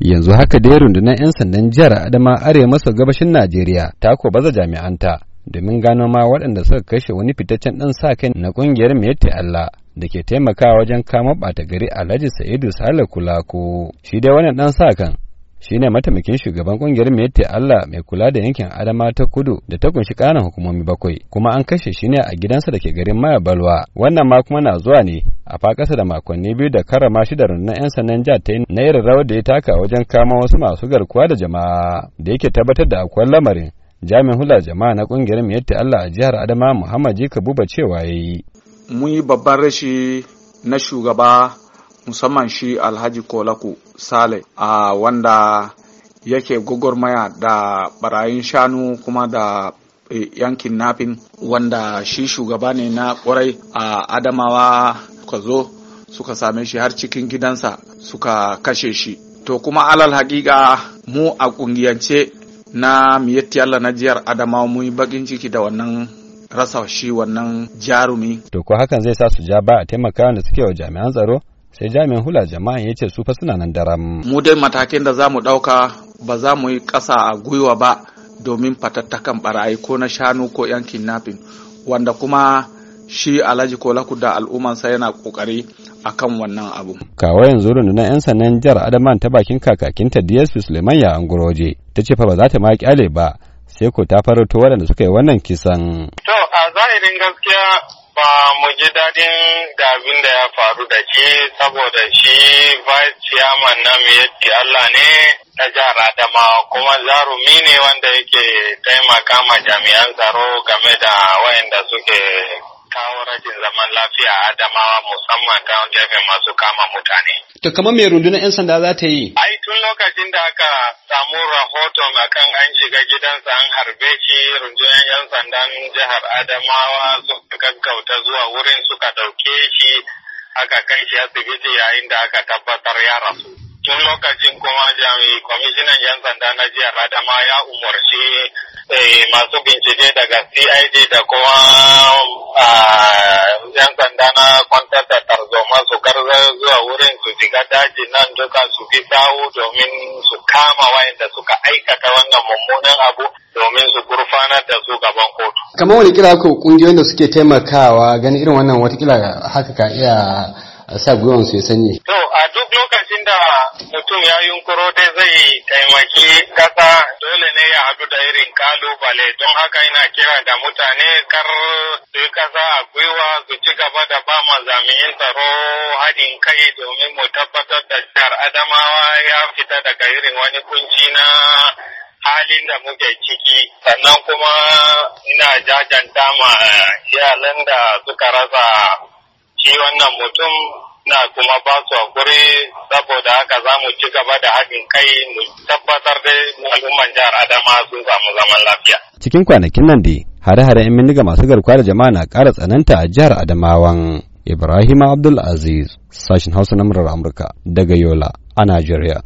yanzu haka dai rundunar 'yan sandan jihar adama arewa maso gabashin najeriya ta ko baza jami'anta domin gano ma waɗanda suka kashe wani fitaccen ɗan sa kai na ƙungiyar mete allah da ke taimakawa wajen kama ɓata gari alhaji sa'idu sale kulako shi dai wannan ɗan sa kan shine mataimakin shugaban kungiyar Mete Allah mai kula da yankin Adama ta Kudu da ta kunshi ƙananan hukumomi bakwai kuma an kashe shi ne a gidansa da ke garin Maya Balwa wannan ma kuma na zuwa ne a fakasa da makonni biyu da karrama shi da rundunar 'yan sanan jihar ta na irin rawar da ya taka wajen kama wasu masu garkuwa da jama'a da yake tabbatar da akwai lamarin jami'in hula jama'a na kungiyar Mete Allah a jihar Adama Muhammad Jika Buba cewa yayi mun yi babban rashi na shugaba musamman shi alhaji kolaku sale a wanda yake gwagwarmaya da barayin shanu kuma da e, yankin nafin wanda shi shugaba ne na kwarai a adamawa suka zo suka same shi har cikin gidansa suka kashe shi to kuma alal haƙiƙa mu a ƙungiyance na miyatti Allah na jiyar adamawa mu yi bakin ciki da wannan rasa shi wannan jarumi to ko hakan zai sa su ja ba a taimaka da suke wa jami'an tsaro sai jami'in hula jama'a ya ce su fa suna nan daram mu dai matakin da za mu ɗauka ba za mu yi ƙasa a gwiwa ba domin fatattakan barayi ko na shanu ko yan kidnapping wanda kuma shi alhaji kolaku da al'ummansa yana kokari kan wannan abu. Kawo yanzu rundunar 'yan sannan jihar adama ta bakin kakakinta DSP Suleiman ya Angoroje ta ce fa ba za ta ma kyale ba sai ko ta farauto waɗanda suka yi wannan kisan. To a zahirin gaskiya ba mu ji daɗin da abin da ya faru da shi saboda shi vice chairman na miyatti Allah ne na jihar Adamawa kuma zarumi ne wanda yake taimaka ma jami'an tsaro game da wayanda suke kawo rajin zaman lafiya Adama, Adamawa musamman ta gefen masu kama mutane. To kamar me rundunar 'yan sanda za ta yi? tun lokacin da aka samu rahoton akan an shiga gidansa an harbe shi rundunar 'yan sandan jihar Adamawa suka gaggauta zuwa wurin suka ɗauke shi aka kai shi asibiti yayin da aka tabbatar ya rasu. Tun lokacin kuma jami kwamishinan 'yan sanda na jihar Adamawa ya umarci eh, masu bincike daga CID da kuma ah, 'yan sanda na kwantar da tarzoma su garza zuwa wurin shiga daji nan duka su bi dawo domin su kama wayanda suka aikata wannan mummunan abu domin su gurfanar da su gaban kotu. Kamar wani kira ku kungiyoyin da suke taimakawa ganin irin wannan watakila haka ka iya sa gwiwan su ya sanye. To a duk lokacin da mutum ya yunkuro zai taimaki kasa ne ya haɗu da irin kalubale don haka ina kira da mutane kar su yi kasa a gwiwa su ci gaba da ba mazami'in tsaro haɗin kai domin mu tabbatar da jihar Adamawa ya fita daga irin wani kunci na halin da muke ciki sannan kuma ina jajanta ma iyalan da suka rasa shi wannan mutum na kuma ba su hakuri saboda haka za mu ci gaba da haɗin kai mu tabbatar da mu al'umman jihar Adama sun samu zaman lafiya. Cikin kwanakin nan dai hare-hare 'yan bindiga masu garkuwa da jama'a na ƙara tsananta a jihar Adamawan. Ibrahim Abdul Aziz, sashen Hausa na murar Amurka daga Yola a Najeriya.